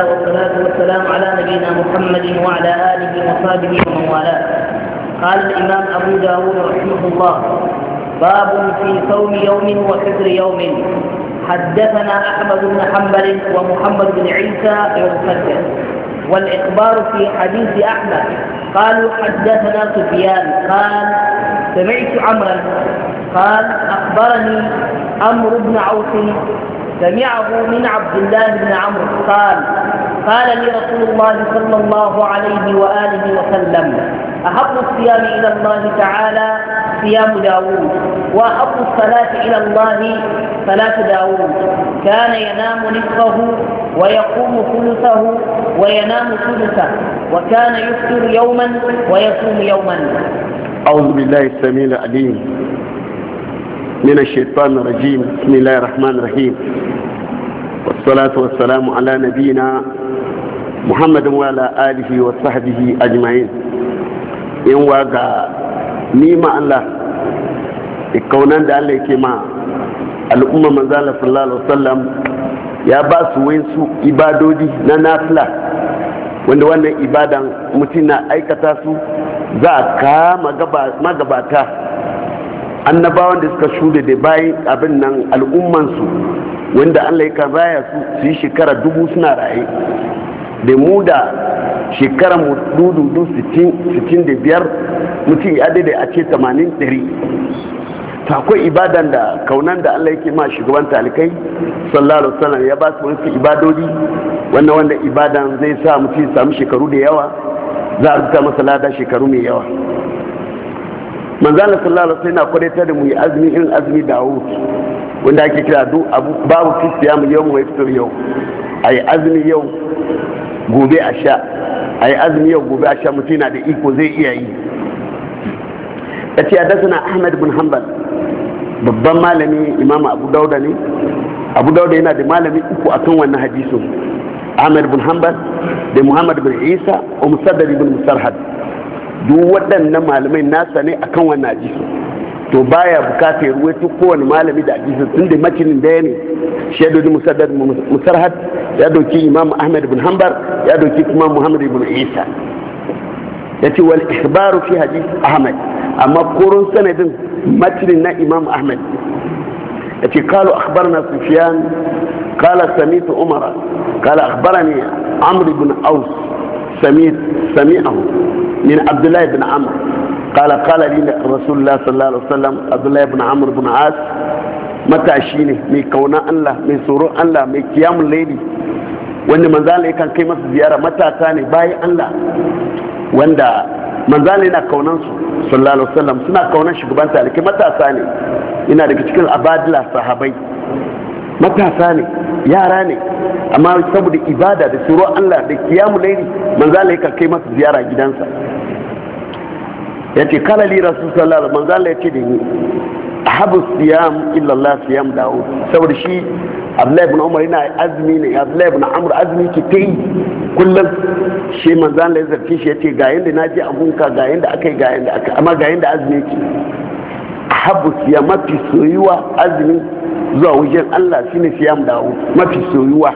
والصلاة والصلاة والسلام على نبينا محمد وعلى آله وصحبه ومن والاه قال الإمام أبو داود رحمه الله باب في صوم يوم وفطر يوم حدثنا أحمد بن حنبل ومحمد بن عيسى المسجد والإخبار في حديث أحمد قالوا حدثنا سفيان قال سمعت عمرا قال أخبرني عمرو بن عوف سمعه من عبد الله بن عمرو قال قال لي رسول الله صلى الله عليه وآله وسلم أحب الصيام إلى الله تعالى صيام داوود وأحب الصلاة إلى الله صلاة داوود كان ينام نصفه ويقوم ثلثه وينام ثلثه وكان يفطر يوما ويصوم يوما أعوذ بالله السميع العليم من الشيطان الرجيم بسم الله الرحمن الرحيم والصلاة والسلام على نبينا محمد وعلى آله وصحبه أجمعين إن وقع نيمة الله ikaunan da Allah yake ma al'umma صلى الله عليه وسلم يا باس وينسو إبادو دي na nafila wanda wannan ibadan mutum na aikata su za a kama magabata annabawan da suka shuda da bayan abin nan al'ummansu wanda allah ya karaya su su yi shekara dubu suna raye da mu da shekara mu dudu sittin da biyar mutum ya daidai a ce tamanin ɗari ta akwai ibadan da kaunan da allah yake ma shugaban talikai sallallahu alaihi wasallam ya ba su wani ibadodi wannan wanda ibadan zai sa mutum samu shekaru da yawa za a rubuta masa lada shekaru mai yawa manzana sallallahu alaihi wasallam ta da mu yi azumi irin azumi dawud wanda ake kira du babu fi yau mu iftar yau ayi azumi yau gobe a sha ayi azumi yau gobe a sha mutum yana da iko zai iya yi yace hadathana ahmad bin hanbal babban malami imam abu dauda ne abu dauda yana da malami uku akan wannan hadisin ahmad bin hanbal da muhammad bin isa wa musaddad bin musarhad duk waɗannan malamai nasa ne kan wannan hadisi to baya bukatar ruwaito kowane malami da hadisi tun da makinin ya ne shaidodi musaddad musarhad ya doki imam Ahmed bin hanbar ya doki kuma muhammad ibn isa ce wal ikhbaru fi hadith Ahmed. amma koron sanadin makinin na imam Ahmed. ahmad yace qalu akhbarna sufyan kala samitu umara qala akhbarani amr ibn aus samit sami'ahu من عبد الله بن عمرو قال قال لي رسول الله صلى الله عليه وسلم عبد الله بن عمرو بن عاص matashi ne mai kauna Allah mai tsoron Allah mai kiyamun laili wanda manzala ya kan kai masu ziyara matasa ne bayan Allah wanda manzala yana kaunan su sallallahu alaihi wasallam suna kaunan shugaban talike matasa ne ina daga cikin abadila sahabai matasa ne yara ne amma saboda ibada da tsoron Allah da kiyamu laili manzala ya kan kai masu ziyara gidansa ya ce kala li rasu sallallahu alaihi manzo ya ce da ni Ahabu siyam illallah siyam daud saboda shi Abdullahi ibn Umar yana azumi ne Abdullahi ibn Amr azumi ke ta yi kullum shi manzo Allah ya zarce shi ya ce ga yanda na je abunka ga yanda aka yi ga yanda aka amma ga yanda azumi ke Ahabu siyam mafi soyuwa azumi zuwa wajen Allah shine siyam daud mafi soyuwa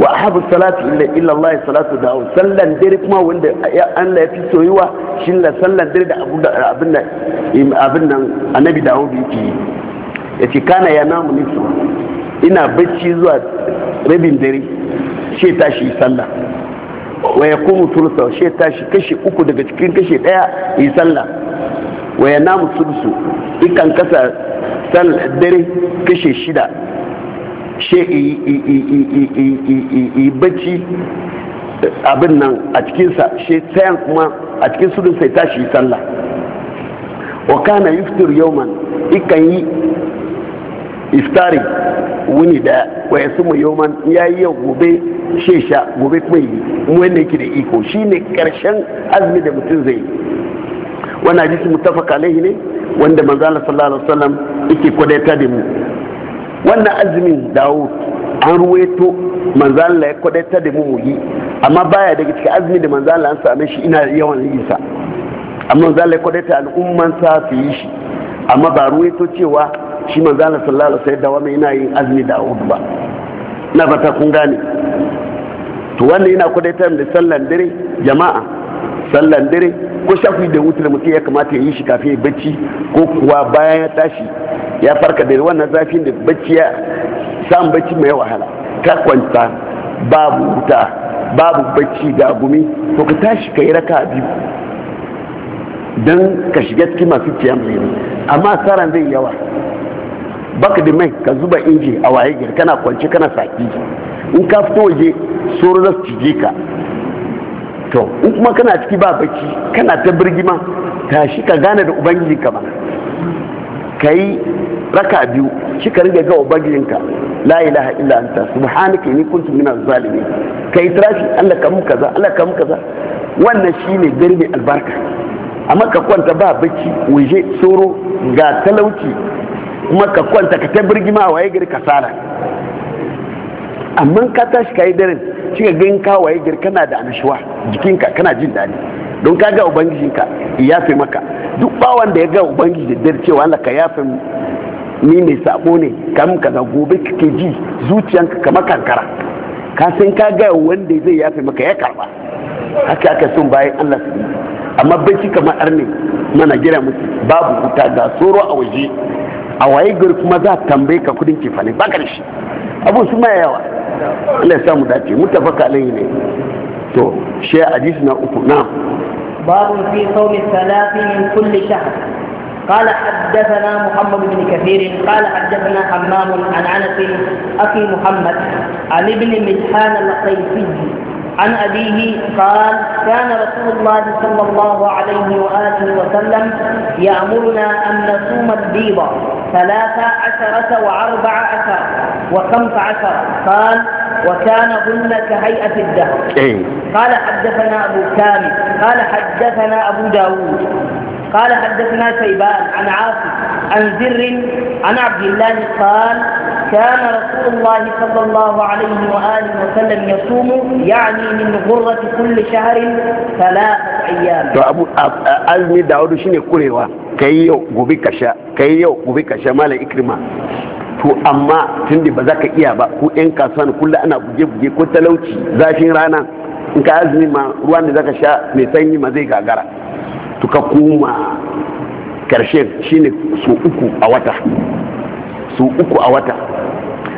wa ahabu salatu illa Allah salatu da dawo sallan dare kuma wanda Allah ya fi soyuwa shi la sallan dare da abin nan abin nan annabi dawo da yake yi yace kana ya namu nisu ina bacci zuwa rabin dare she tashi sallah wa ya kuma thulutha she tashi kashi uku daga cikin kashi daya yi sallah wa ya namu sulusu ikan kasa sallan dare kashi shida shi bacci abin nan a cikinsa shi tsayan kuma a cikin sudun sai tashi sallah wa kana yuftir yawman ikan yi iftari wuni da waya sumu yawman ya yi yau gobe shesha gobe kuma yi wanda yake da iko shi ne karshen azumi da mutum zai wannan hadisi mutafaka alaihi ne wanda manzo sallallahu alaihi wasallam yake kwadaita da mu wannan azumin dawo an ruweto manzan ya kwadaita da mu muyi amma baya daga cikin azumi da manzan an same shi ina yawan yin sa amma manzan ya kwadaita al'umman sa su yi shi amma ba ruweto cewa shi manzan Allah sallallahu alaihi wasallam dawama ina yin azumi da Dawud ba na fata kun gane to wannan ina kwadaita da sallan dare jama'a sallan dare ko shafi da wutar mutum ya kamata ya yi shi kafin ya bacci ko kuwa bayan ya tashi ya farka da wannan zafin da bacci ya samu bacci mai wahala ka kwanta babu wuta babu bacci da gumi to ka tashi ka yi raka biyu don ka shiga cikin masu mai ne amma tsaran zai yawa baka da mai ka zuba inji a waye gir kana kwanci kana saki in ka fito waje soro za su cije ka to in kuma kana ciki ba bacci kana ta birgima tashi ka gane da ubangiji ka ba ka yi raka biyu shi ka rige ga ubangijinka la ilaha illa anta subhanaka inni kuntu minaz zalimin kai tirashi Allah ka mu kaza Allah ka kaza wannan shine gari albarka amma ka kwanta ba bacci waje tsoro ga talauci kuma ka kwanta ka ta birgima a waye gari kasala amma ka tashi ka yi daren shi ka gani ka waye gari kana da annashuwa jikinka kana jin daɗi don ka ga ubangijinka ya fi maka duk bawan da ya ga ubangiji da dare cewa Allah ka yafe ni mai sabo ne kam kaza gobe kake ji zuciyanka kamar kankara ka san ka ga wanda zai yafe maka ya karba haka aka sun bayan Allah su amma bai kamar arne mana gira musu babu wuta ga tsoro a waje a waye gari kuma za a tambaye ka kudin kifani ba karshe abun su mai yawa Allah ya samu dace mutafaka alayhi ne to shi hadisi na uku na babu fi sawmi salati min kulli shahr قال حدثنا محمد بن كثير قال حدثنا حمام عن انس اخي محمد عن ابن ملحان القيسي عن أبيه قال كان رسول الله صلى الله عليه وآله وسلم يأمرنا أن نصوم البيض ثلاث عشرة وأربع عشر وخمس عشر قال وكان ظل كهيئة الدهر إيه. قال حدثنا أبو كامل قال حدثنا أبو داود قال حدثنا شيبان عن عاصم عن زر عن عبد الله قال كان رسول الله صلى الله عليه وآله وسلم يصوم يعني من غرة كل شهر ثلاثة أيام to abu azmi daudu shine kurewa kai yau gobe ka sha kai yau gobe ka sha mala ikrima to amma tunda ba za ka iya ba ko yan kasuwa kullu ana buge buge ko talauci zafin rana in ka azumi ma ruwan da za ka sha mai sanyi ma zai gagara Tuka koma karshen shine su uku a wata su uku a wata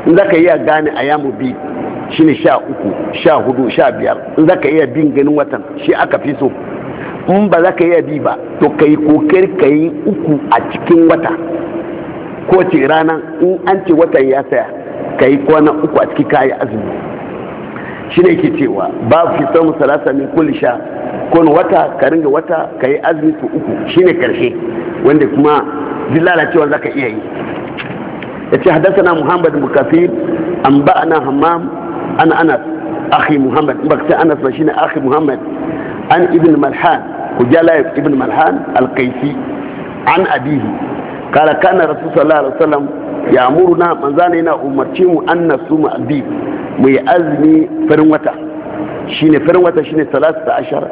in za ka iya gane a yamu bi shine sha uku sha hudu sha biyar in za ka iya bin ganin watan shi aka fi so in ba za ka iya bi ba to ka yi kokari ka yi uku a cikin wata ko ce rana in an ce watan ya saya ka yi kwana uku a cikin kayan azumi shine yake cewa babu fi samu salasa min kulli sha kun wata ka ringa wata ka yi azumi su uku shine karshe wanda kuma duk lalacewa zaka iya yi yace hadathana muhammad bin kafir an ana hammam an anas akhi muhammad in anas ba shine akhi muhammad an ibn malhan kujala ibn malhan al-qaisi an abihi kala kana rasu sallallahu alaihi wasallam ya amuru na manzana yana umarci mu an nasu mu abi mu yi azumi farin wata shine farin wata shine salasa ashara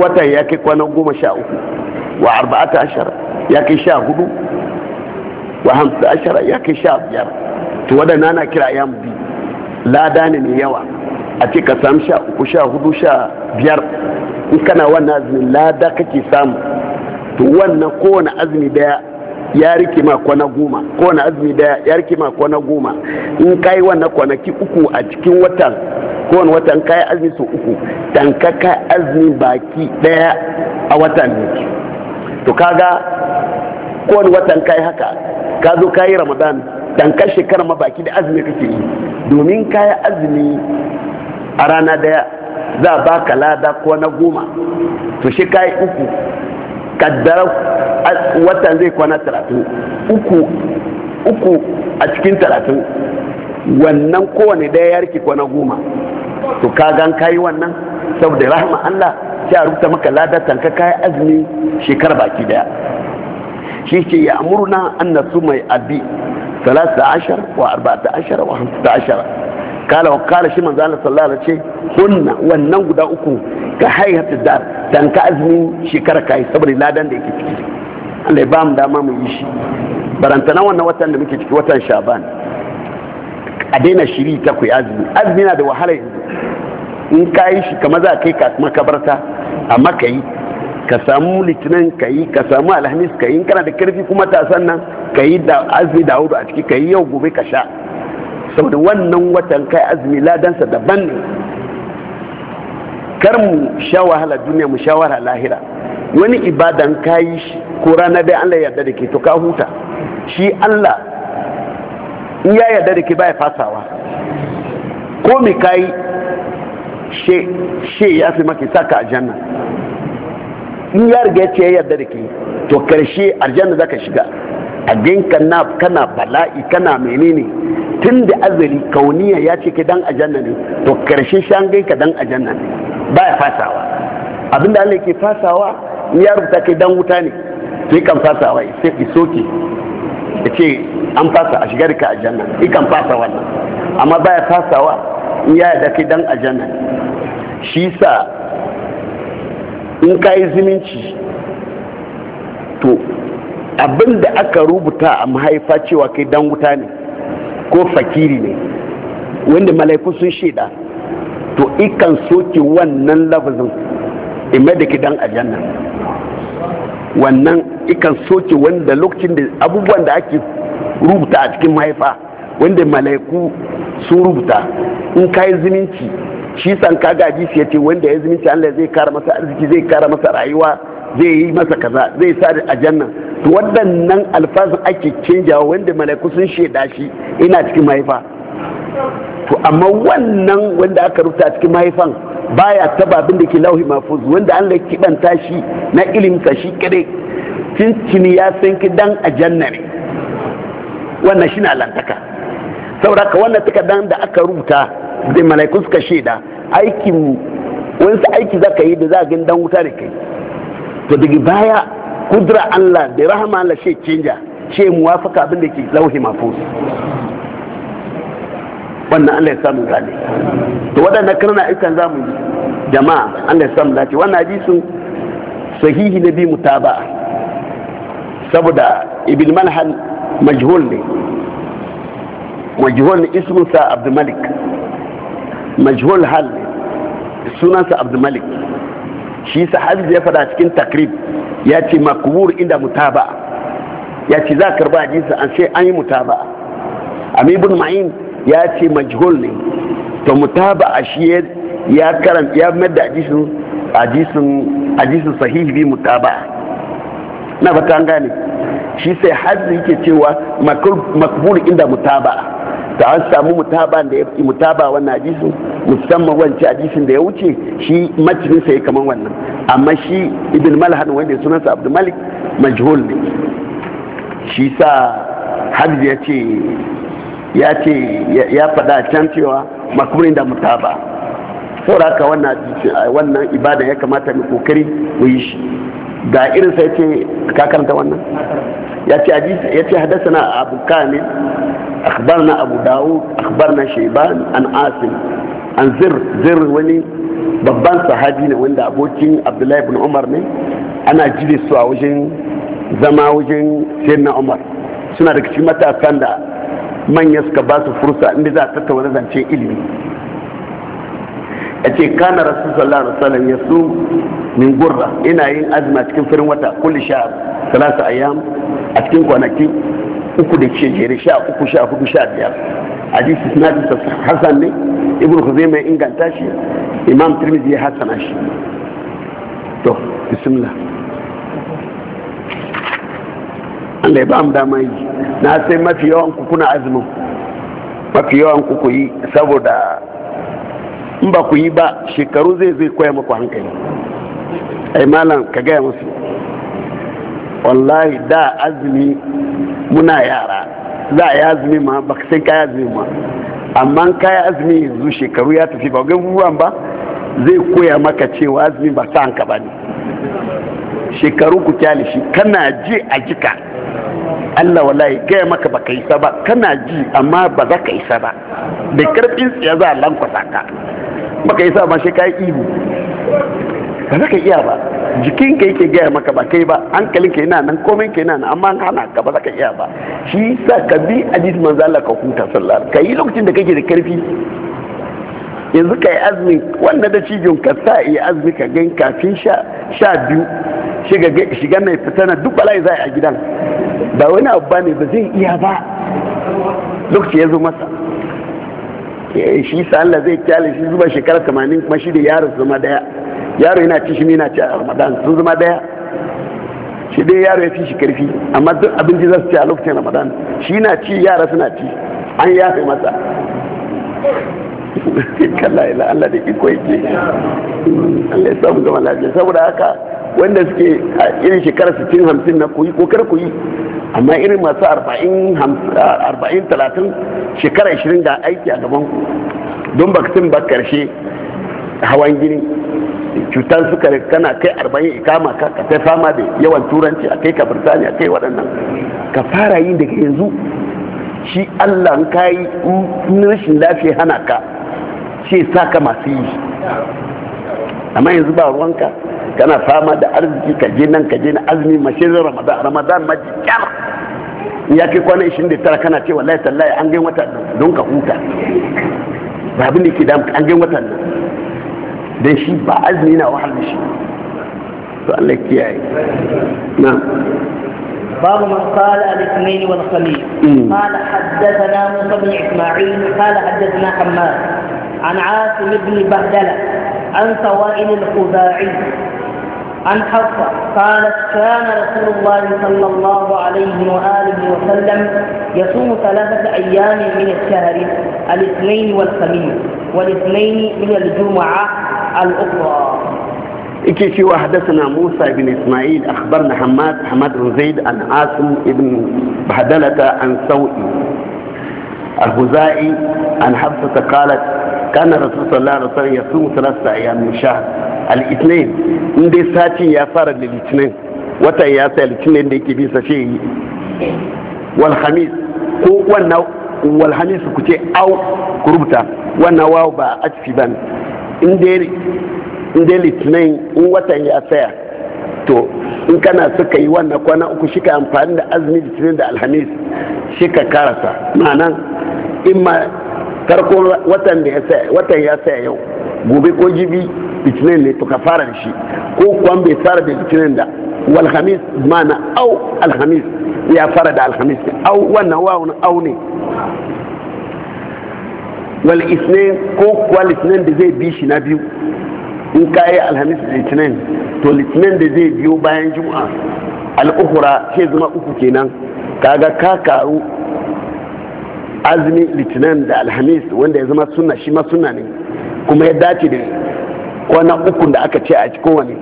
wata ya kai kwana goma sha uku wa arba'ata ashara ya kai sha hudu wa hamsa ashara ya kai sha biyar to waɗannan na kira ya bi lada ne mai yawa a ce ka samu sha uku sha hudu sha biyar in kana wannan azumin lada kake samu to wannan kowane azumi daya ya rike ma kwana goma kowane azumi daya ya rike ma kwana goma in kai wannan kwanaki uku a cikin watan kowane watan kai azumi su uku tanka ka azumi baki daya a watan ne to kaga kowane watan kai haka ka zo kayi ramadan tanka shekara ma baki da azumi kake yi domin kayi azumi a rana daya za a ka lada kwana goma to shi kayi uku kaddara watan zai kwana talatin uku uku a cikin talatin wannan kowane ɗaya ya rike kwana goma to ka gan kayi wannan saboda rahama Allah sai a rubuta maka ladatan ka kayi azumi shekar baki daya shi ke ya amurna an nasu mai abi 13 wa 14 wa 15 kala kala shi manzo Allah sallallahu alaihi wasallam ce wannan guda uku ka haihatu dar dan ka azmi shekara kai saboda ladan da yake ciki Allah ya ba mu dama mu yi shi barantana wannan watan da muke ciki watan shaban a daina shiri ta ku azumi azumi na da wahala in ka yi shi kamar za kai ka makabarta amma ka yi ka samu litinin ka yi ka samu alhamis ka yi kana da karfi kuma ta sannan ka yi da azumi da hudu a ciki ka yi yau gobe ka sha saboda wannan watan kai azumi ladansa daban ne kar mu sha wahala duniya mu sha wahala lahira wani ibadan kayi shi ko rana dai Allah ya yarda da ke to ka huta shi Allah in ya yarda da ke baya fasawa ko me kayi she she ya fi maki saka aljanna in ya riga ya yarda da ke to karshe aljanna zaka shiga a na kana bala'i kana menene tun da azali kauniya ya ce ke dan ajanna ne to karshe shan ka dan ajanna ne ya fasawa abinda Allah ke fasawa ya rubuta kai dan wuta ne to kan fasawa sai ki soke ya ce an fasa a shigar ka ajanna kan fasa wannan amma ba ya fasawa ya da kai dan ajanna shi sa in ka yi zumunci to abin da aka rubuta a mahaifa cewa kai dan wuta ne ko fakiri ne wanda mala'iku sun shaida to ikan soke wannan lafazin imma da ke dan aljanna wannan ikan soke wanda lokacin da abubuwan da ake rubuta a cikin mahaifa wanda mala'iku sun rubuta in ka yi zumunci shi san ka gaji ya ce wanda ya zumunci Allah zai kara masa arziki zai kara masa rayuwa zai yi masa kaza zai sa a janna to waɗannan alfazin ake canjawa wanda mala'iku sun sheda shi ina cikin mahaifa to amma wannan wanda aka rubuta cikin mahaifan baya taba abin da ke lauhi mafuz wanda an la kibanta shi na ilimsa shi kare cincini ya san ki dan ajanna ne wannan shi na lantaka saboda ka wannan takardan da aka rubuta da mala'iku suka sheda aikin wani aiki zaka yi da za a gani dan wuta da kai to daga baya kudura Allah da rahama Allah shi canja shi muwafaka abin da ke lauhi mafus wannan Allah ya samu gane to waɗannan karna ikan zamu yi jama'a Allah ya samu dace wannan hadisi sahihi na bi mutaba saboda ibn malhan majhul ne majhul ne ismunsa abdul malik majhul hal sunansa abdul malik shi sahabi ya fada cikin takrib ya ce makubur inda mutaba ya ce za karba hadisi an sai an yi mutaba amma ibn ma'in ya ce majhul ne to mutaba a shi ya karan ya madda hadisin hadisin hadisin sahihi bi mutaba na fata an gane shi sai hadisi yake cewa makbur inda mutaba ta an samu mutaba da ya mutaba wannan hadisin musamman wancan hadisin da ya wuce shi macinin sai kaman wannan amma shi ibn malhan wanda sa abdul malik majhul ne shi sa hajji ya ce ya ce ya fada can cewa makurin da mutaba saboda haka wannan wannan ibada ya kamata mu kokari mu yi shi ga irin sai ce ka karanta wannan ya ce hadasa na abu kamil أخبرنا أبو داود أخبرنا شيبان عن عاصم عن زر زر وني babban sahabi ne wanda abokin abdullahi bin umar ne ana jire su a wajen zama wajen sayyidina umar suna daga cikin matasan da manya suka ba su fursa inda za a tattauna zance ilimi ya ce kana rasu sallallahu alaihi wasallam ya su min gurra ina yin azuma cikin farin wata kulli sha salasa ayyam a cikin kwanaki uku da ke jere sha uku sha hudu sha biyar hadisi sinadin sa hassan ne ibn huzaima mai inganta shi imam tirmidhi ya hasana shi to bismillah Allah ya ba mu dama yi na sai mafi yawan kuku na azumin mafi yawan kuku yi saboda in ba ku yi ba shekaru zai zai koya muku hankali ai malam ka gaya musu wallahi da azumi muna yara za a yi azumi ma ba san ka azumi ma amma kayi azumi yanzu shekaru ya tafi ba ga ruwan ba zai koya maka cewa azumi ba sa hanka ba ne shekaru ku kyale shi kana ji a jika Allah wallahi gaya maka ba ka isa ba kana ji amma ba za ka isa ba da karfin tsiya za a lankwasa ka ba ka isa ba shi ka yi ibu ba za ka iya ba jikin ka yake gaya maka ba kai ba hankalin ka yana nan komai ka yana nan amma hana ka ba za ka iya ba shi sa ka bi hadis manzo Allah ka huta sallah ka yi lokacin da kake da karfi yanzu ka yi azumi wanda da cijin ka sa yi azumi ka gan kafin sha biyu shiga mai fitana duk bala'i za a gidan ba wani abu ba ne ba zai iya ba lokaci ya zo masa shi sa Allah zai kyale shi zuba shekara 80 kuma shi da yaro zama daya yaro yana ci shi yana ci a Ramadan sun zama daya shi dai yaro ya fi shi karfi amma duk abinci za su ci a lokacin Ramadan shi na ci yara suna ci an yafe masa kalla ila Allah da iko yake Allah ya samu zama lafiya saboda haka wanda suke a irin shekara 60 hamsin na koyi kokar yi amma irin masu 40 talatin shekara 20 ga aiki a gaban ku don bakitin ba karshe hawan gini cutar sukari kana kai 40 ikama ka ka ta fama da yawan turanci a kai ka birtaniya kai waɗannan ka fara yi daga yanzu shi allah ka yi rashin lafiya hana ka ce sa ka masu yi amma yanzu ba ruwanka kana fama da arziki ka je nan ka je na azumi mashi ramadan ramadan ma jikar ya kai kwana 29 kana cewa lai tallahi an gain watan nan don ka huta ba abin da ke da an gain watan nan dan shi ba azumi na wahal da shi to Allah kiyaye na'am باب من قال الاثنين والخميس قال حدثنا موسى بن اسماعيل قال حدثنا حماد عن عاصم بن بهدله عن سوائل الخزاعي عن حفصة قالت كان رسول الله صلى الله عليه وآله وسلم يصوم ثلاثة أيام من الشهر الاثنين والخميس والاثنين من الجمعة الأخرى إكي شو وحدثنا موسى بن إسماعيل أخبرنا حماد حماد بن زيد عن عاصم بن بهدلة عن سوئي الهزائي عن حفصة قالت كان الرسول صلى الله عليه وسلم يصوم ثلاثة أيام من شهر الاثنين إن دي ساتي يا فارد الاثنين وتا يا سال الاثنين دي كبيسة شيء والخميس وانا والخميس كتير أو كربتا وانا واو با أجفي بان إن دي in dai litinin in watan ya tsaya to in kana suka yi wannan kwana uku shi ka amfani da azumi litinin da alhamis shi karasa ma'anan in ma farko watan da ya watan ya saya yau gobe ko jibi litinin ne to ka fara da shi ko kwan bai fara da litinin da walhamis mana au alhamis ya fara da alhamis au wannan wawon au ne wal isnin ko kuwa litinin da zai bi shi na biyu in ka yi alhamis da litinin to litinin da zai biyo bayan juma'a al'ukura sai zama uku kenan kaga ka karu azumi litinin da alhamis wanda ya zama suna shi ma suna ne kuma ya dace da kwana uku da aka ce a kowane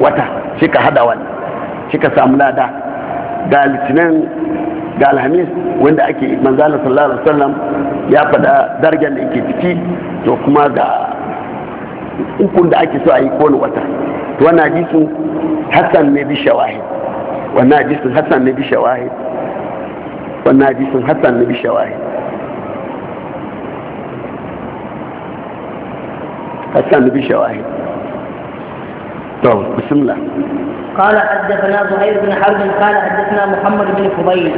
wata shi ka hada wani shi ka samu lada ga litinin ga alhamis wanda ake manzana sallallahu alaihi wasallam ya fada dargan da yake ciki to kuma ga ukun da ake so a yi kowane wata to wannan hadisin hassan ne bi shawahid wannan hadisin hassan ne bi shawahid wannan hadisin hassan ne bi shawahid حتى نبي شواهد طيب بسم الله قال حدثنا زهير بن حرب قال حدثنا محمد بن فضيل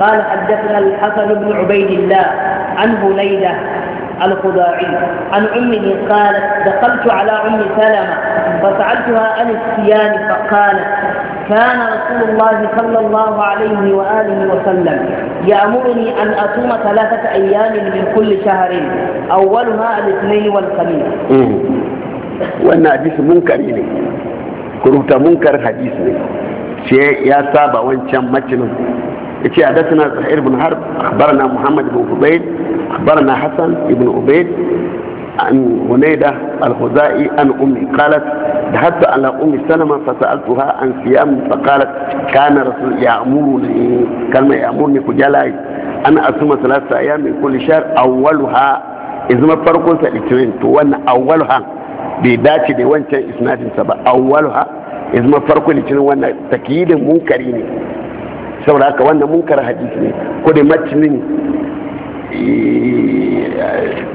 قال حدثنا الحسن بن عبيد الله عن بليده الخداعي عن امه قالت دخلت على ام سلمه فسالتها عن الصيام فقالت كان رسول الله صلى الله عليه وآله وسلم يأمرني أن أصوم ثلاثة أيام من كل شهر أولها الاثنين والخميس. وأنا حديث منكر يعني كروتا منكر حديث يعني شيء يا سابا وان شام مجنون شيء حدثنا زهير بن حرب أخبرنا محمد بن عبيد أخبرنا حسن بن عبيد عن هنيدة الخزائي عن أمي قالت فذهبت على أم سلمة فسألتها عن صيام فقالت كان رسول يأمرني كلمة يأمرني كجلاي أنا أصوم ثلاثة أيام من كل شهر أولها إذا ما فرقون سألتين وأن أولها بذات دي وانت إسناد سبا أولها إذا ما فرقون سألتين وأن تكييد منكرين saboda haka wannan munkar hadisi ne ko da matinin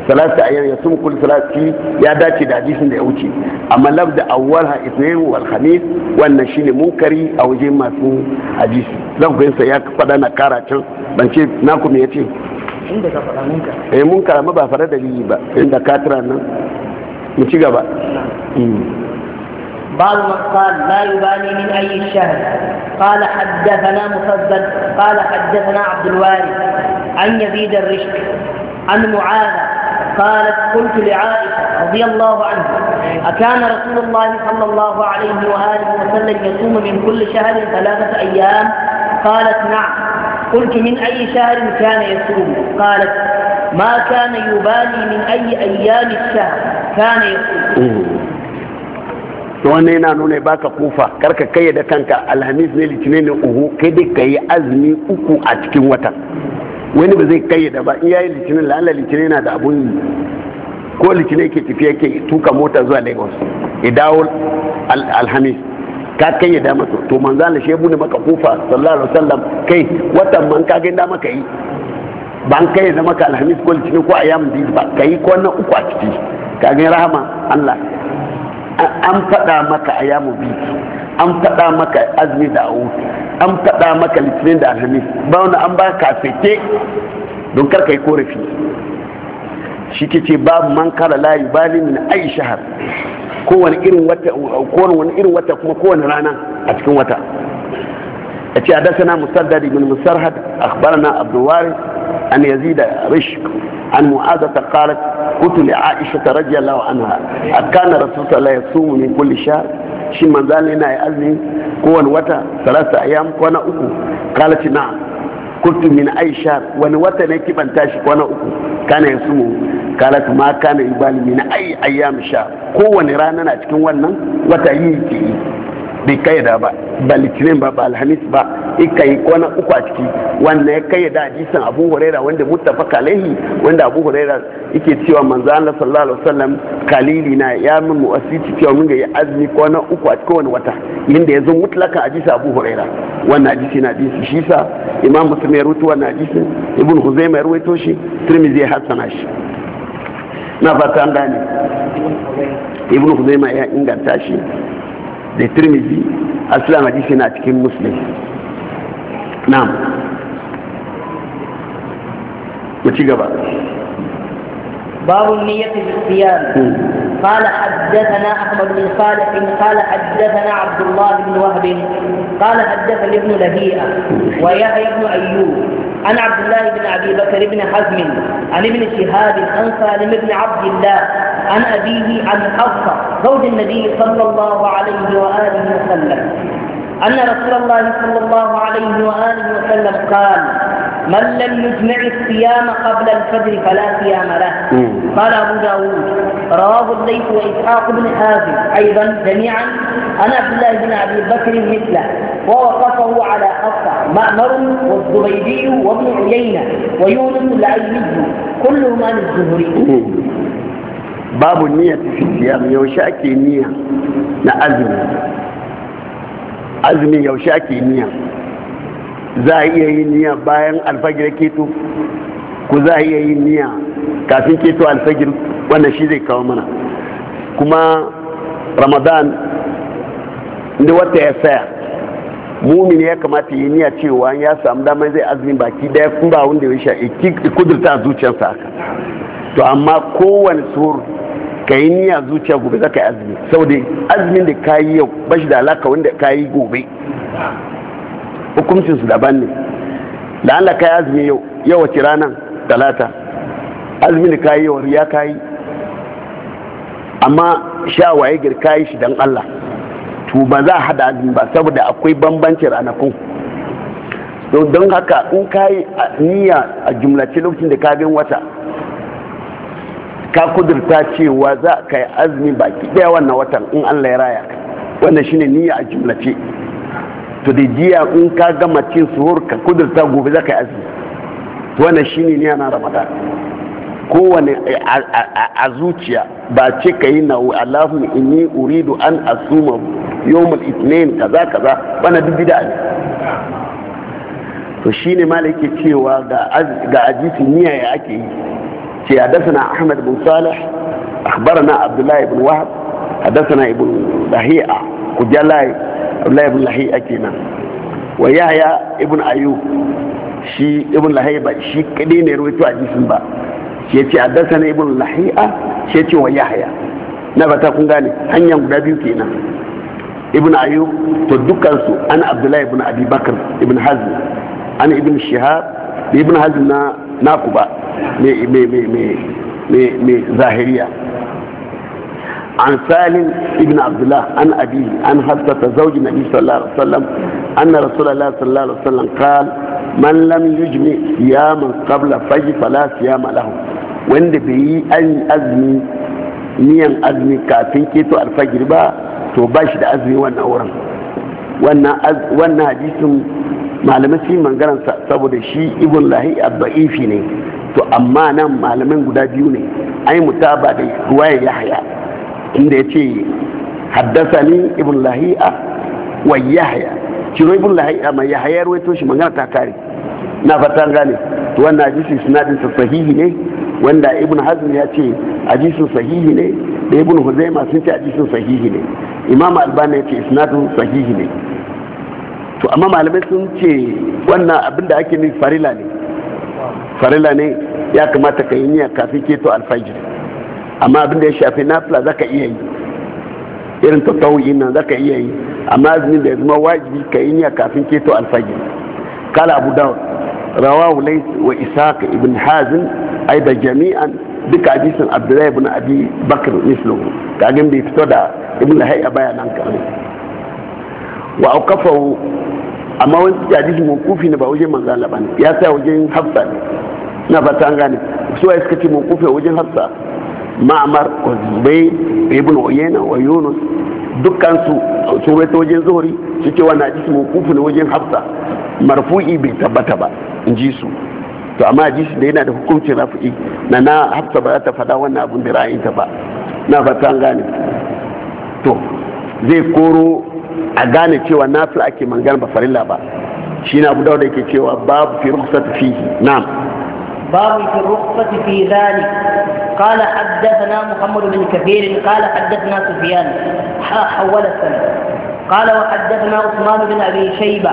salatu ayyar ya sun kul salati ya dace da hadisin da ya wuce amma awwal ha ithnain wal khamis wannan shine munkari a wajen masu hadisi zan ku sa ya fada na kara can ban ce na ku me yace inda ka fada munkar eh munkar ma ba fara dalili ba inda katira nan mu ci gaba بعض من قال لا يبالي من أي الشهر قال حدثنا مفضل قال حدثنا عبد الوارث عن يزيد الرشك عن معاذ قالت قلت لعائشة رضي الله عنها أكان رسول الله صلى الله عليه وآله وسلم يصوم من كل شهر ثلاثة أيام قالت نعم قلت من أي شهر كان يصوم قالت ما كان يبالي من أي أيام الشهر كان يصوم to wannan yana nuna baka kofa karka kayyada kanka alhamis ne litinin ne uhu kai dai ka yi azumi uku a cikin watan wani ba zai kayyada ba in yayi litinin lalla litinin na da abun yi ko litinin ke tafiya ke tuka mota zuwa lagos idawo alhamis ka da masa to manzo Allah shi ya bude maka kofa sallallahu alaihi wasallam kai watan man ka ga maka yi ban kayyada maka alhamis ko litinin ko ayyam ba kai ko na uku a ciki ka ga rahama Allah an faɗa maka a yamu an faɗa maka azumi da awu an faɗa maka litinin da alhamis ba wani an ba ka fete don karka yi korafi shi ke ce babu man kala layi bali min ai shahar kowane irin wata kowane irin wata kuma kowane rana a cikin wata a ce hadasana musaddadi ibn musarhad akhbarana abdul warith an yazida rishk عن معاذة قالت قلت لعائشة رضي الله عنها أكان رسول الله يصوم من كل شهر شي من ذا لنا يأذن قوة وتا ثلاثة أيام قوة أكو قالت نعم قلت من أي شهر وان وتا نكيب أن تاشي كون أكو كان يصوم قالت ما كان يبالي من أي أيام شهر قوة رانا نتكون وانا وتا يجي بكيدا بقى ba litinin ba ba alhamis ba ika yi kwana uku a ciki wannan ya kai da hadisin abu huraira wanda mutafa kalahi wanda abu huraira yake cewa manzo Allah sallallahu alaihi wasallam kalili na ya min mu'assisi cewa mun ga ya azumi kwana uku a cikin wani wata inda ya zo mutlaka hadisi abu huraira wannan hadisi na hadisi shi sa imam muslim ya rutu wannan hadisin ibn huzaima ya ruwaito shi tirmidhi ya hasana shi na fata an gane ibn huzaima ya inganta shi da tirmidhi aslan hadisi na cikin muslim na'am mu ci gaba باب النية في الصيام قال حدثنا أحمد بن صالح قال حدثنا عبد الله بن وهب قال حدثني ابن لهيئة ويحيى بن أيوب عن عبد الله بن أبي بكر بن حزم عن ابن شهاب عن سالم بن عبد الله عن أبيه عن حفصة زوج النبي صلى الله عليه وآله وسلم أن رسول الله صلى الله عليه وآله وسلم قال من لم يجمع الصيام قبل الفجر فلا صيام له قال أبو داود رواه الليث وإسحاق بن حازم أيضا جميعا انا عبد الله بن أبي بكر مثله ووقفه على حفصة مأمر والزبيدي وابن عيينة ويونس العلمي كلهم عن الزهري باب النية في الصيام يوشاكي النية لا أزمي أزمي يوشاكي النية za a iya yin niyya bayan alfajir keto Ku za a iya yin niyya kafin keto alfajir wannan shi zai kawo mana kuma ramadan inda wata ya saya ne ya kamata yi niya cewa ya samu damar zai azumi baki daya kun ba wanda ya sha kudurta a zuciyarsa haka to amma kowane suhur ka yi niyya zuciya gobe za ka yi azumi saboda azumin da ka yi yau ba shi da alaka wanda ka yi gobe hukuncin su daban ne la'alla kai azumi yau yau wace ranar talata azumin da kayi yawar ya kayi amma sha waye gir kayi shi don Allah to ba za a hada azumi ba saboda akwai bambancin ranakun don haka in kayi niyya a jumlace lokacin da ka wata ka kudurta cewa za ka yi azumi baki daya wannan watan in Allah ya raya wannan shine niyya a jumlace to da jiya in ka gama cin suhur ka kudurta gobe za ka yi azumi wannan shine ne ana ramadan kowane a zuciya ba ce ka yi nawo allahu inni uridu an asuma yawmul itinin kaza kaza bana duk bid'a ne to shine malaki cewa ga ga ajisi niyya ya ake yi ce hadathana ahmad bin salih akhbarana abdullah ibn wahab hadathana ibn dahi'a kujalai abdullahi ibn ake nan wa yaya ibn ayyub shi ibn lahiya ba shi kadai ne ruwaito a jisin ba shi yace haddathana ibn lahiya shi yace wa yaya na ta kun gane hanyar guda biyu kenan ibn ayyub to dukansu an abdullahi ibn abi bakr ibn hazm an ibn shihab ibn hazm na naku ba me me me me me zahiriya Ansalin Ibn ابن عبد الله عن أبيه عن حفصة زوج النبي صلى الله عليه وسلم أن رسول الله صلى الله عليه وسلم قال من لم يجمع صياما قبل فجر فلا صيام wanda bai yi an azumi niyan azumi kafin keto alfajir ba to ba shi da azumi wannan wurin wannan hadisin malamai su mangaran saboda shi ibn lahi abba'ifi ne to amma nan malamin guda biyu ne ai mutaba da ruwaya ya haya inda ya ce haddasa ni ibn lahi'a wa yahya ciro ibn lahi'a mai yahya ruwaito shi magana ta kare na fatan gane to wannan hadisi sunadin sa sahihi ne wanda ibn hazm ya ce hadisin sahihi ne da ibn huzaima sun ce hadisin sahihi ne imam albani ya ce sunadin sahihi ne to amma malamai sun ce wannan abin da ake ne farila ne farila ne ya kamata ka yi niyya kafin keto alfajir amma abin da ya shafi nafila zaka iya yi irin tattawuyin nan zaka iya yi amma azumin da ya zama wajibi ka yi niyya kafin keto alfaji kala abu da rawa wulai wa ishaq ibn hazin ai da jami'an duka abisun abdullahi ibn abi bakr mislu kagin bai fito da ibn hay a nan ka wa auqafahu amma wani hadisi kufi ne ba wajen manzo Allah ya sa wajen hafsa ne na ba ta gane su ai suka ce kufi wajen hafsa ma'amar wa ibn oyena wa yunus dukkan su sun wajen zuhuri su na wannan hadisi mawqufu ne wajen hafsa marfu'i bai tabbata ba in ji su to amma su da yana da hukuncin rafi'i na na hafsa ba za ta faɗa wannan abin da ra'ayinta ba na fata an gane to zai koro a gane cewa na nafila ake magana ba farilla ba shi na abu da yake cewa babu fi rukhsat fihi na babu fi rukhsat fi zalik قال حدثنا محمد بن كثير قال حدثنا سفيان حول السنة قال وحدثنا عثمان بن أبي شيبة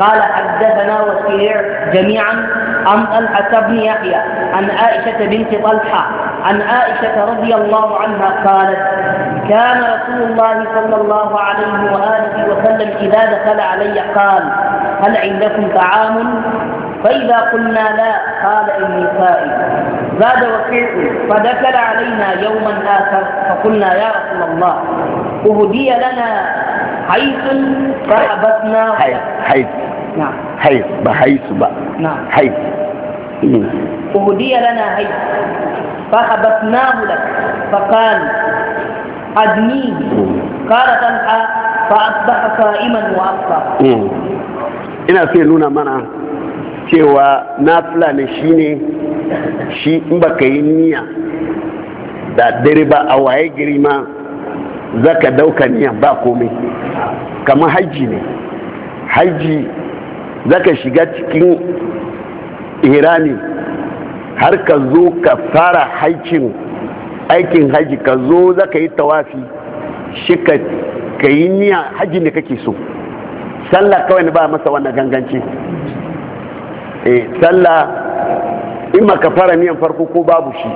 قال حدثنا وسيع جميعا عن طلحة بن يحيى عن عائشة بنت طلحة عن عائشة رضي الله عنها قالت كان رسول الله صلى الله عليه وآله وسلم إذا دخل علي قال هل عندكم طعام فإذا قلنا لا قال إني سائل زاد وكيع فدخل علينا يوما آخر فقلنا يا رسول الله أهدي لنا حيث فحبسنا حيث حيث نعم حيث بحيث نعم حيث أهدي لنا حيث فحبسناه لك فقال أدني قال تنحى فأصبح صائما وأفطر إنا في لنا منع cewa na fulani shi ne shi in ba ka yi niyya da dare ba a waye girma za ka dauka niyya ba komai kamar hajji ne hajji za ka shiga cikin irani har ka zo ka fara haikin aikin haji ka zo za ka yi tawafi shi ka yi niyya hajji ne kake so sallah kawai ba masa wannan ganganci eh sallah in maka fara niyan farko ko babu shi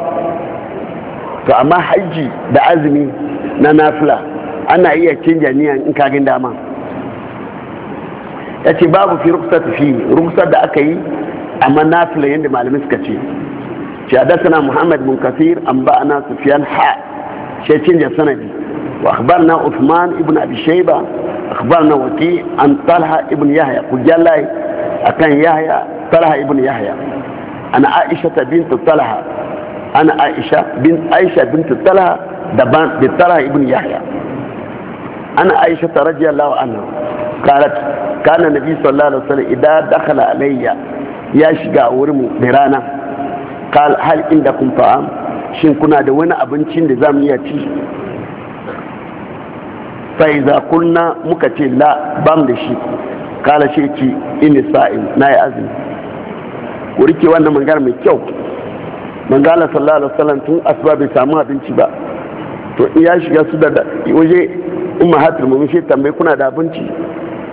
to amma haji da azumi na nafila ana iya canja niyan in kagin dama ya ce babu fi rukusar fi rukusar da aka yi amma nafila yadda malami suka ce ce hadasana muhammad bin kafir an ba ana sufiyan ha shi canja sanadi wa akhbarna uthman ibn abi shayba akhbarna waqi an talha ibn yahya kujalai akan yahya talha ibn yahya ana aisha bintu talha ana aisha bin aisha bintu talha daban da talha ibn yahya ana aisha radiyallahu anha nabi sallallahu alaihi wasallam الله عليه alayya ya shiga wurin mu da rana, qal hal indakum ta'am shin kuna da wani abincin da zamu iya ci sai za kunna muka ce la bam da shi kala shi ce ina sa'im na yi azumi ku rike wannan mangar mai kyau mangala sallallahu alaihi wasallam tun asuba bai samu abinci ba to in ya shiga su da waje in mahatul mu shi tambayi kuna da abinci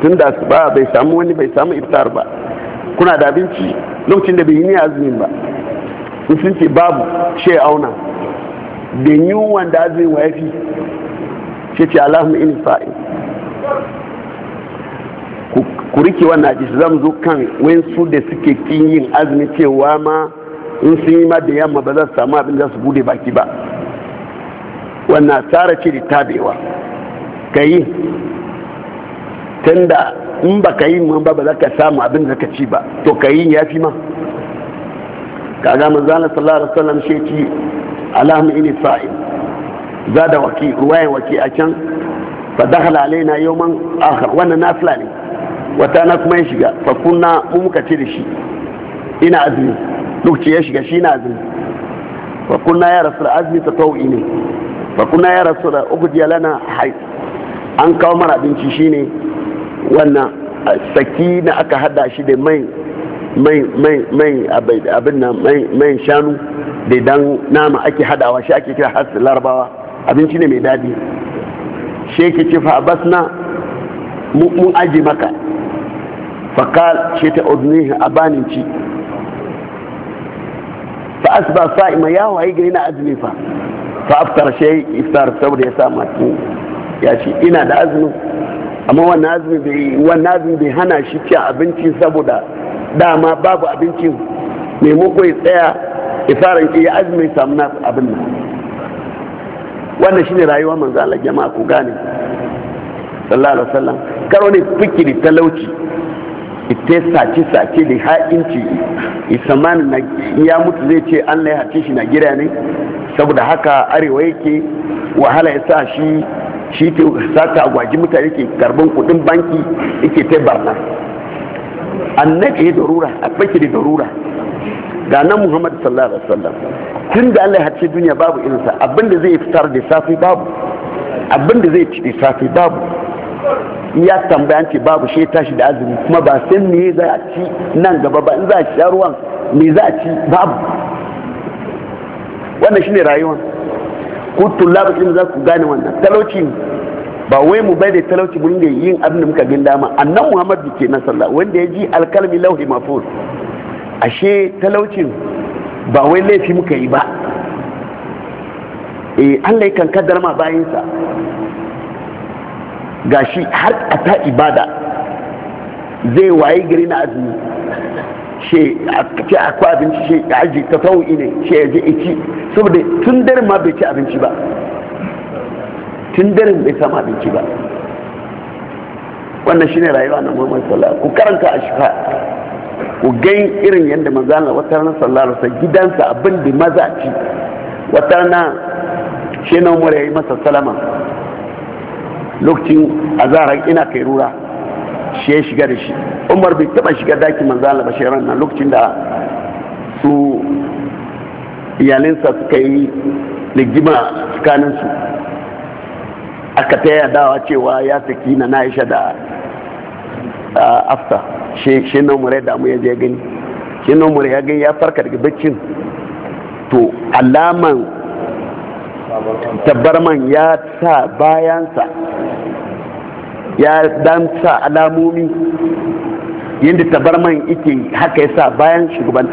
tun da asuba bai samu wani bai samu iftar ba kuna da abinci lokacin da bai yi niyya azumin ba sun ce babu she auna da yi wanda azumin wa yafi shi ce allahumma inni sa'im ku rike wannan hadisi zan zo kan su da suke kin yin azumi cewa ma in sun yi ma da yamma ba za su samu abin da su bude baki ba wannan tsara ce da tabewa ka yi tunda in ba ka yi ba ba za ka samu abin da ka ci ba to ka yi ya fi ma ga manzo Allah sallallahu alaihi wasallam shi ki alahum ini sa'im zada waki ruwayan waki a can fa dakhala alaina yawman akhar wannan nafila ne wata na kuma ya shiga fakunna mu muka ce da shi ina azumi lokaci ya shiga shi na azumi fakunna ya rasu da azumi ta tau'i ne fakunna ya rasu da uku jiya lana hai an kawo mara abinci shi ne. wannan saki na aka hada shi da mai mai mai mai abin nan mai mai shanu da dan nama ake hadawa shi ake kira hasil larabawa abinci ne mai daɗi. shi ke ce fa basna mun aje maka فقال شيت ta uzunihi a banin ci fa asba sa'ima ya waye gari na azumi ba. fa aftar sa makin ya بي ina بي amma wannan azumi bai دا ما بابو hana shi cin abinci saboda dama babu abincin maimako ya tsaya samu na abin nan wannan shine rayuwa manzo Allah jama'a ku gane sallallahu alaihi wasallam karo ne fikiri talauci ita sace-sace da ha'inci isaman na ya mutu zai ce allah ya hace shi na gida ne saboda haka arewa yake wahala ya sa shi shi ke sata agwaji mutane ke karban kudin banki yake ta barna annabi ya darura a baki da darura ga nan muhammad sallallahu alaihi wasallam tun da allah ya hace duniya babu irinsa abinda zai fitar da safi babu abinda zai ci da safi babu ya tambaya ce babu shi tashi da azumi kuma ba san me za a ci nan gaba ba in za a ci ruwan me za a ci babu wannan shine rayuwa ku tullabu ilmi za ku gane wannan talauci ba wai mu bai da talauci mun da yin abin da muka gin dama annan muhammad ke na sallah wanda ya ji alkalmi lauhi mafus ashe talaucin ba wai laifi muka yi ba eh Allah yakan kaddara ma bayinsa gashi har a ta ibada zai waye gari na azumi she a ce akwai abinci she ya aji ta sau'i ne she ya je iki saboda tun dare ma bai ci abinci ba tun dare bai samu abinci ba wannan shine rayuwa na Muhammad sallallahu alaihi ku karanta a shifa ku gai irin yadda manzo Allah wata ranar sallallahu alaihi wasallam gidansa abin da maza ci wata ranar shi na Umar yi masa salama lokacin azara ina kai rura shi ya shiga da shi umar bai taba shiga daki manzo Allah ba ran nan lokacin da su iyalinsa suka yi ligima tsakanin su aka ta dawa cewa ya saki na Aisha da afta shi na umar ya damu ya je gani shi na umar ya gani ya farka daga baccin to alaman tabarman ya sa bayansa ya dan sa alamomi yadda tabarman ike haka ya sa bayan shugaban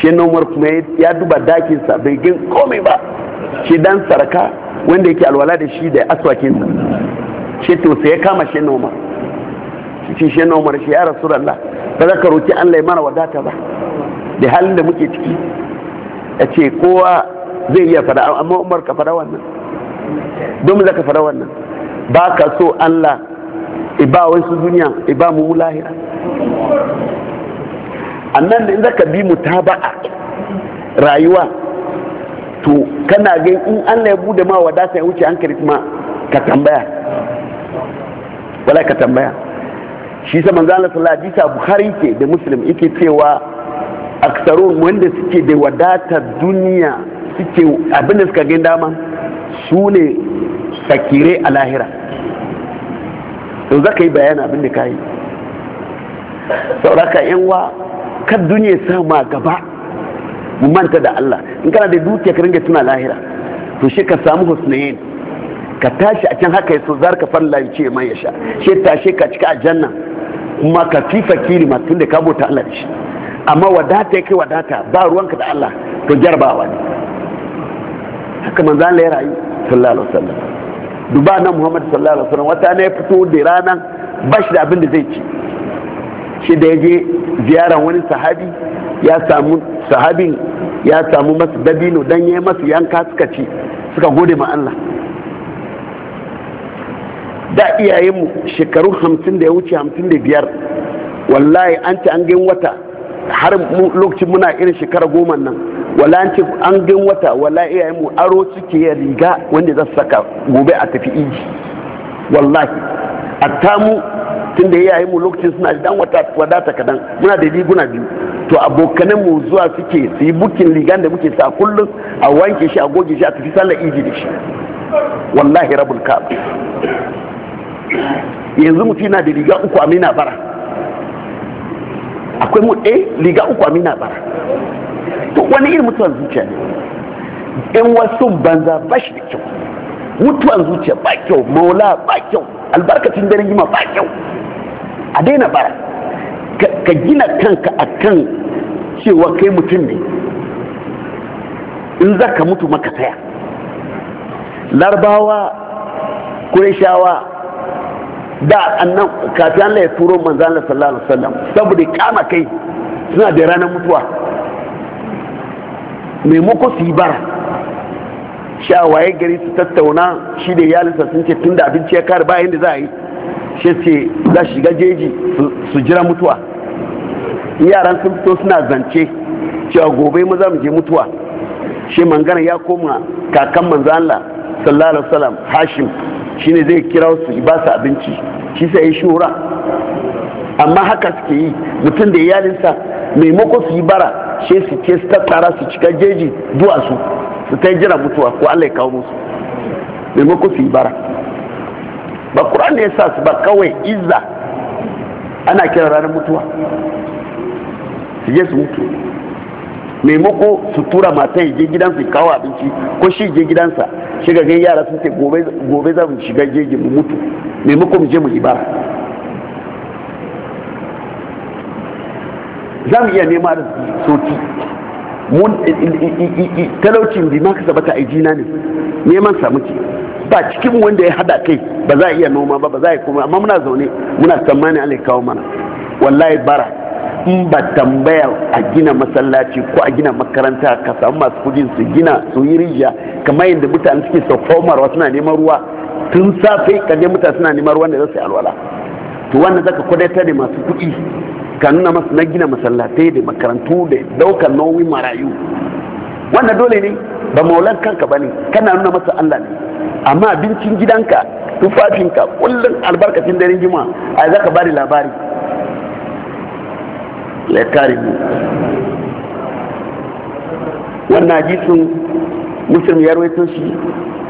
shi nomar kuma ya duba dakinsa bai gin komai ba shi dan saraka wanda yake alwala da shi da aswakinsa shi to ya kama shi nomar shi shi nomar shi ya rasu rallah ba za ka roki an ya wadata ba da halin da muke ciki yace ce kowa zai iya fada amma umar ka fada wannan don za ka fada wannan ba ka so allah iba wasu duniya iba mu lahira annan da in za ka bi mu taba'a rayuwa to kana ga in allah ya bude ma wadata sai wuce hankali kuma ka tambaya wala ka tambaya shi sa manzo Allah sallallahu alaihi wasallam Bukhari ke da Muslim yake cewa aksarun wanda suke da wadatar duniya suke abinda suka gani dama su ne sakire a lahira to za ka yi bayan abinda ka yi sauraka yan wa kan duniya sama gaba mu manta da Allah in kana da dukiya ka ringa tuna lahira to shi ka samu husnayin ka tashi a can haka yaso zar ka falla ce man ya sha shi tashi ka cika aljanna kuma ka fi fakiri ma tunda ka bota Allah da shi amma wadata yake wadata ba ruwanka da Allah to jarbawa ne haka manzo Allah ya rayu sallallahu alaihi wasallam duba nan Muhammad sallallahu alaihi wasallam wata ne ya fito da ranan bashi da abin da zai ci shi da yaje ziyaran wani sahabi ya samu sahabin ya samu masu dabino dan ya masu yanka suka ci suka gode ma Allah da iyayenmu shekaru hamsin da ya wuce hamsin da biyar wallahi an ci an gain wata har lokacin muna irin shekara goma nan wala an ce an gan wata wala iyayen mu aro suke ya riga wanda za su saka gobe a tafi iji wallahi a tamu tun da iyayen mu lokacin suna da dan wata wadata kadan muna da riguna biyu to abokanan mu zuwa suke su yi bukin rigan da muke sa kullum a wanke shi a goge shi a tafi sallar iji da shi wallahi rabul ka'ab yanzu mutum na da riga uku amina bara akwai mu eh riga uku amina bara duk wani irin mutuwan zuciya ne in wasu banza ba shi da kyau mutuwan zuciya ba kyau maula ba kyau albarkacin daren jima ba kyau a daina bara ka gina kanka a kan cewa kai mutum ne in za ka mutu maka saya larbawa kureshawa da annan kafin Allah ya turo manzo Allah sallallahu alaihi saboda kama kai suna da ranar mutuwa maimako su yi bara sha waye gari su tattauna shi da iyalinsa sun ce tun da abinci ya kare bayan da za a yi shi ce za shiga jeji su jira mutuwa yaran sun fito suna zance cewa gobe mu za mu je mutuwa shi mangana ya koma kakan manzo Allah sallallahu alaihi wasallam Hashim shine zai kira su ba su abinci shi sai ya shura amma haka suke yi mutum da iyalinsa maimako su yi bara shi su ce su tattara su cika jeji duwatsu su ta jira mutuwa ko Allah ya kawo musu maimako su yi bara ba Qur'an ne ya sa su ba kawai izza ana kira ranar mutuwa su je su mutu maimako su tura mata ya je gidansa ya kawo abinci ko shi je gidansa shiga gan yara sun ce gobe za mu shiga jeji mu mutu maimako mu je mu yi bara za mu iya nema da soki mun talaucin bi ma ka sabata a jina ne neman samu ke ba cikin wanda ya hada kai ba za a iya noma ba ba za a yi kuma amma muna zaune muna tsammanin Allah kawo mana wallahi bara in ba tambaya a gina masallaci ko a gina makaranta ka samu masu kudin su gina su yi rijiya kamar yadda mutane suke saukomarwa suna neman ruwa tun safe kaje mutane suna neman ruwan da za yi alwala to wannan zaka kwadaita ne masu kuɗi ka nuna masu na gina masallatai da makarantu da daukar nauyin marayu wannan dole ne ba maulan kanka ba ne kana nuna masa allah ne amma abincin gidanka tufafinka kullum albarkacin daren juma a za ka bari labari lekari ne wannan jisun musulmi ya rawaito shi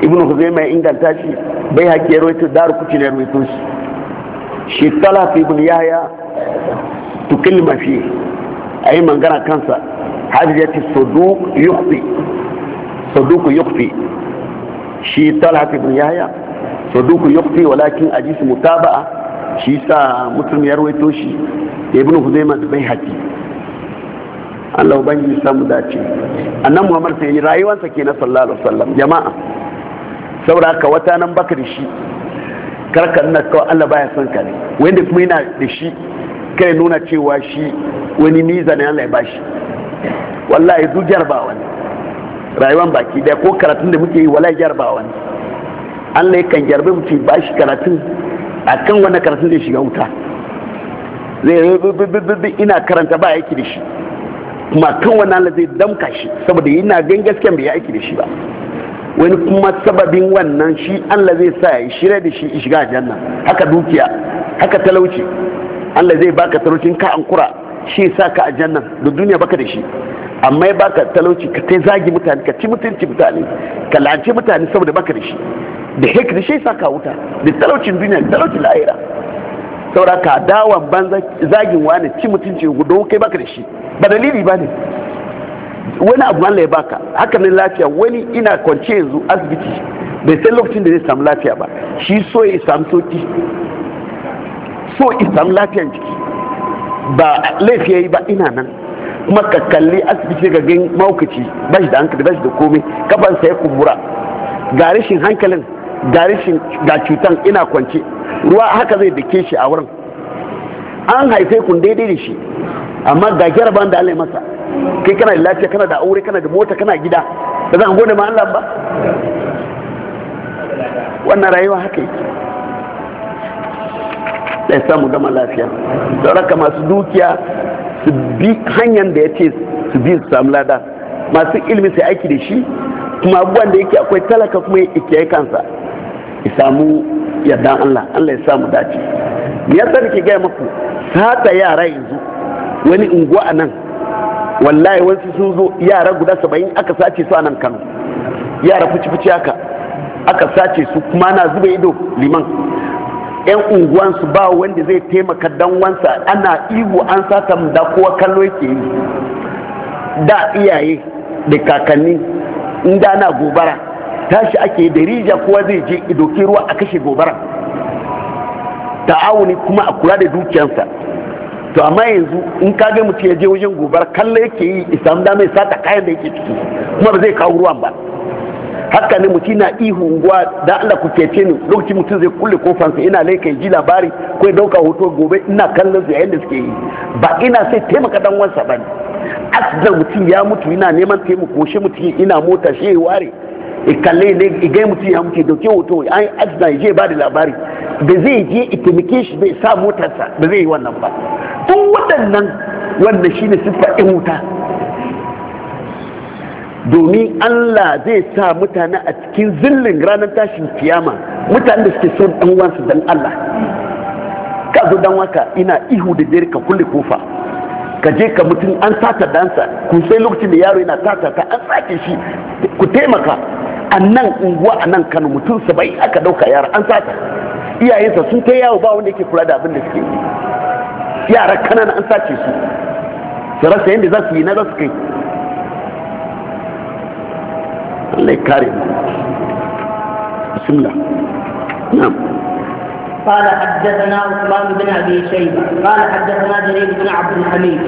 Ibn huzaima mai inganta shi bai haƙi ya rawaito daru kuci ya rawaito shi shi talafi ibn yahya tukil mafi a yi mangana kansa har ya ce saduk yukfi saduk shi talat ibn yahya saduk yukfi walakin ajis mutaba'a shi sa mutum ya ruwaito shi ibn huzaima da bai haki Allah ubangiji samu dace annan Muhammad sai yi rayuwarsa kenan sallallahu alaihi wasallam jama'a saboda haka wata nan bakar shi karkar na kawai Allah baya son ka ne wanda kuma yana da shi kai nuna cewa shi wani niza ne Allah ya bashi wallahi zu jarbawa ne rayuwan baki da ko karatun da muke yi wallahi jarbawa ne Allah kan jarbe mu ce bashi karatun akan wannan karatun zai shiga wuta zai ina karanta ba aiki da shi kuma kan wannan Allah zai damka shi saboda yana gan gaskiya bai aiki da shi ba wani kuma sababin wannan shi Allah zai sa ya shirya da shi shiga janna haka dukiya haka talauci Allah zai baka talaucin ka an kura shi sa ka a jannan da duniya baka da shi amma ya baka talauci ka ta zagi mutane ka ci mutunci mutane ka lance mutane saboda baka da shi da hek da shi sa ka wuta da talaucin duniya da talaucin lahira saboda ka dawan ban zagin wani ci mutunci don kai baka da shi ba dalili ba ne wani abu Allah ya baka haka ne lafiya wani ina kwance yanzu asibiti bai san lokacin da zai samu lafiya ba shi so ya samu soki so isan lafiyan jiki ba laifi yayi ba ina nan kuma ka kalli asibiti ga gan maukaci ba shi da hankali ba shi da komai kafan sai kumbura ga rashin hankalin ga rashin ga cutan ina kwance ruwa haka zai dake shi a wurin an haife kun daidai da shi amma ga gyara ban da Allah masa kai kana da lafiya kana da aure kana da mota kana gida ba zan gode ma Allah ba wannan rayuwa haka yake da ya samu zama lafiya sauraka masu dukiya su bi hanyar da ya ce su bi su samu lada masu ilimi sai aiki da shi kuma abubuwan da yake akwai talaka kuma ya kansa ya samu yardan Allah Allah ya samu dace ya yasa ke gaya maku sata yara yanzu wani unguwa a nan wallahi wasu sun zo yara guda saba'in aka sace su a nan Kano yara fuci-fuci haka aka sace su kuma na zuba ido liman yan unguwansu ba wanda zai taimaka dan wansa ana ihu an sata da kowa kallo yake yi da iyaye da kakanni inda na gobara tashi ake da rija kowa zai je idoki ruwa a kashe gobara ta'awuni kuma a kula da dukiyansa to amma yanzu in ka ga mutum ya je wajen gobara kallo yake yi isa da mai sata kayan da yake ciki kuma ba zai kawo ruwan ba haka ne mutum na ihu unguwa da Allah ku cece ni lokacin mutum zai kulle kofansa ina laika ji labari ko ya dauka hoto gobe ina kallon su yayin da suke yi ba ina sai taimaka dan wansa bane asda mutum ya mutu ina neman taimako shi mutum ina mota shi ya ware e kalle ne igai mutum ya mutu dauke hoto ai asda je ba da labari da zai je itimike shi bai sa motarsa ba zai yi wannan ba duk waɗannan wannan shine siffar in wuta domin Allah zai sa mutane a cikin zillin ranar tashin kiyama mutane da suke son dan uwansu dan Allah ka zo dan waka ina ihu da jere ka kulle kofa ka je ka mutum an sata dansa ku sai lokacin da yaro yana sata ta an sake shi ku taimaka a nan unguwa a nan Kano mutum saba'in aka dauka yara an sata iyayensa sun ta yawo ba wanda yake kula da abin da suke yara kanana an sace su su rasa yadda za su yi na za su kai الله يكرم بسم الله نعم قال حدثنا عثمان بن ابي شيبه قال حدثنا جرير بن عبد الحميد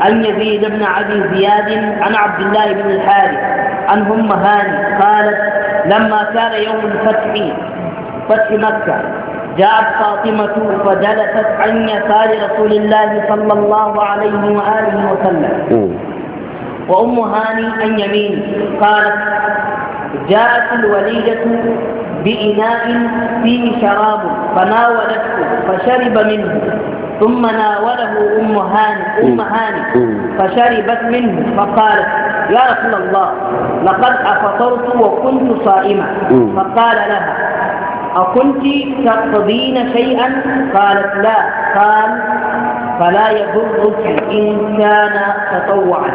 عن يزيد بن ابي زياد عن عبد الله بن الحارث عن ام هاني قالت لما كان يوم الفتح فتح مكه جاءت فاطمة فجلست عن يسار رسول الله صلى الله عليه وآله وسلم وأم هاني عن يمين قالت جاءت الوليدة بإناء فيه شراب فناولته فشرب منه ثم ناوله أم هاني أم هاني فشربت منه فقالت يا رسول الله لقد أفطرت وكنت صائمة فقال لها أكنت تقضين شيئا قالت لا قال فلا يضرك إن كان تطوعا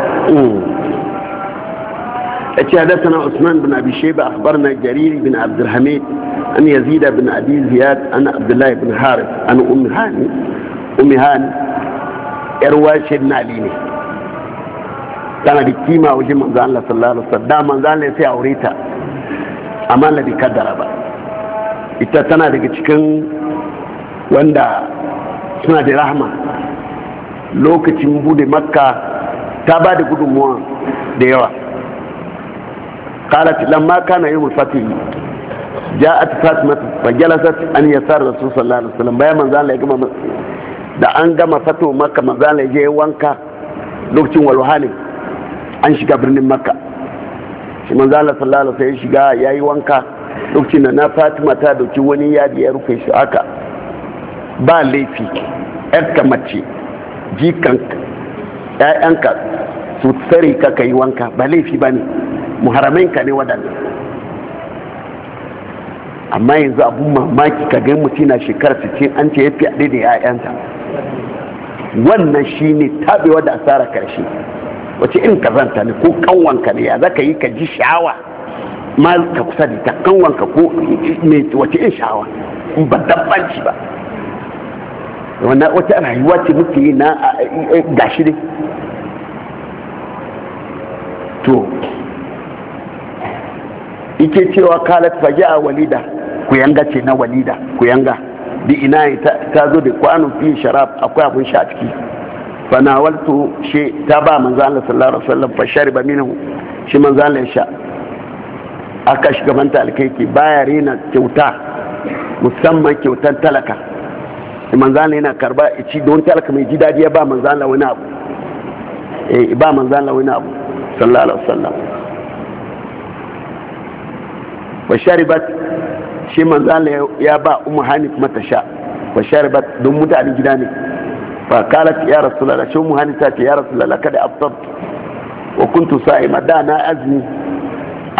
أتي حدثنا عثمان بن أبي شيبة أخبرنا جرير بن عبد الحميد أن يزيد بن أبي زياد أن عبد الله بن حارث أن أم هاني أم هاني إرواش بن علي tana da kima wajen manzo Allah sallallahu alaihi wasallam da manzo sai aure ta amma Allah bai kaddara ba ita tana daga cikin wanda suna da rahma. lokacin bude makka ta ba da gudunmuwa da yawa قالت لما كان يوم الفتح جاءت فاطمة an أن sa رسول صلى الله عليه وسلم بيا من ذلك da an gama fato maka ya je wanka lokacin walhali an shiga birnin makka shi manzala sallallahu alaihi wasallam shiga yayi wanka lokacin da na Fatima ta dauki wani yadi ya rufe shi haka ba laifi ɗan mace jikan 'ya'yanka su tsare ka ka yi wanka ba laifi ba ne muharamenka ne waɗanda amma yanzu abun mamaki ka gani mutum na shekara cikin an ce ya fi da 'ya'yanta. wannan shi ne taɓewa da asara ƙarshe, wace in kazanta ne ko kanwanka ne ya za ka yi ka ji sha'awa ma ka kusa da ta kanwanka ko wace in sha'awa ba dabbanci ba wannan wata rayuwa ce muke yi na gashi ne. to ike cewa kalat faji a walida ku yanga ce na walida ku yanga bi ina ta zo da kwano fi sharaf akwai abun sha ciki fa nawaltu shi ta ba manzo Allah sallallahu alaihi wasallam fa shariba minhu shi manzo Allah ya sha aka shiga manta alkaiki baya rena kyauta musamman kyautan talaka manzana yana karba ici da wani talaka mai jidadi ya ba manzana wani abu eh ba manzana wani abu sallallahu alaihi wasallam wa sharibat shi manzana ya ba ummu hanif mata sha wa sharibat don mutane gida ne fa kalat ya rasulullah shi ummu hanif ta ce ya rasulullah kada aftabtu wa kuntu sa'ima da na azmi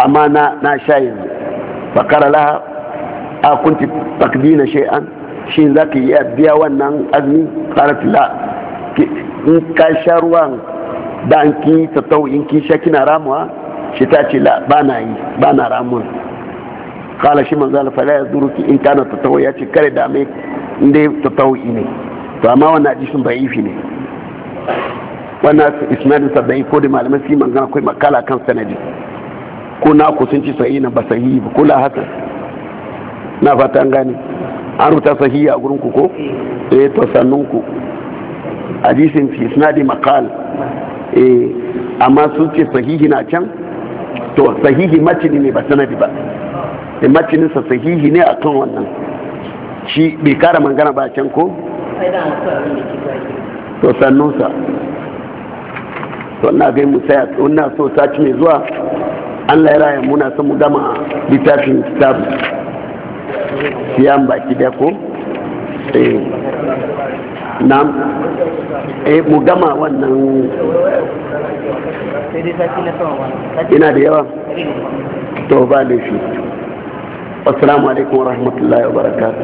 amma na na sha yanzu fa kara laha a kunti takdina shay'an shi za ka iya biya wannan azumi ƙarfila in ka sha ruwan da an ki tattau in ki sha kina ramuwa shi ta ce la ba na yi ba na ramuwa kala shi manzo alfala ya zuru ki in kana tattau ya ce kare da mai inda tattau ne to amma wannan hadisin bai yi ne wannan Isma'il sa bai ko da malamai su magana akwai makala kan sanadi ko na ku sun ci sahihi na ba sahihi ba ko la na fata an gane an rubuta sahiya a gurin ku ko eh, eh to sannun ku hadisin fi isnadi maqal eh amma sun ce sahihi na can to sahihi matini ne ba sanadi ba eh matinin sa sahihi ne akan wannan shi bai kara mangana ba can ko to sannun sa to na ga mu saya ina so ci mai zuwa Allah ya raya muna son mu gama littafin kitabu siyan baki da ko e eh, eh, mu gama wannan ina da yawa to ba da shi assalamu alaikum wa rahmatullahi wa barakatuh